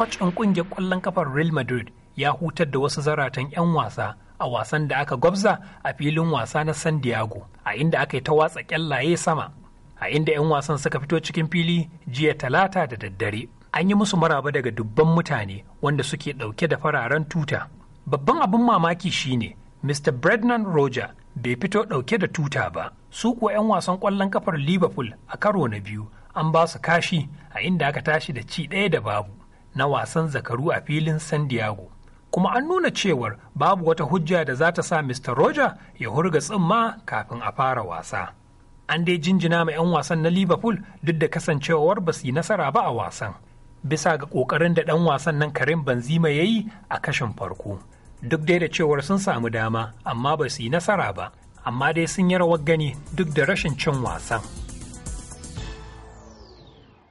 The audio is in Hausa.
kwacin ɗin ƙungiyar ƙwallon kafar Real Madrid ya hutar da wasu zaratan 'yan wasa a wasan da aka gwabza a filin wasa na San Diego, a inda aka yi ta watsa kyallaye sama, a inda 'yan wasan suka fito cikin fili jiya talata da daddare. An yi musu maraba daga dubban mutane wanda suke ɗauke da fararen tuta. Babban abin mamaki shine Mr. Brendan Roger bai fito ɗauke da tuta ba. Su kuwa 'yan wasan ƙwallon kafar Liverpool a karo na biyu an ba su kashi a inda aka tashi da ci ɗaya da babu. na wasan zakaru a filin San Diego. Kuma an nuna cewar babu wata hujja da za ta sa Mr. Roger ya hurga tsimma kafin a fara wasa. An dai jinjina ma 'yan wasan na Liverpool duk da kasancewar ba su yi nasara ba a wasan. Bisa ga ƙoƙarin da ɗan wasan nan Karim Benzema ya yi a kashin farko. Duk dai da cewar sun samu dama, amma ba su yi nasara ba. amma dai sun yi rawar gani duk da rashin cin wasan.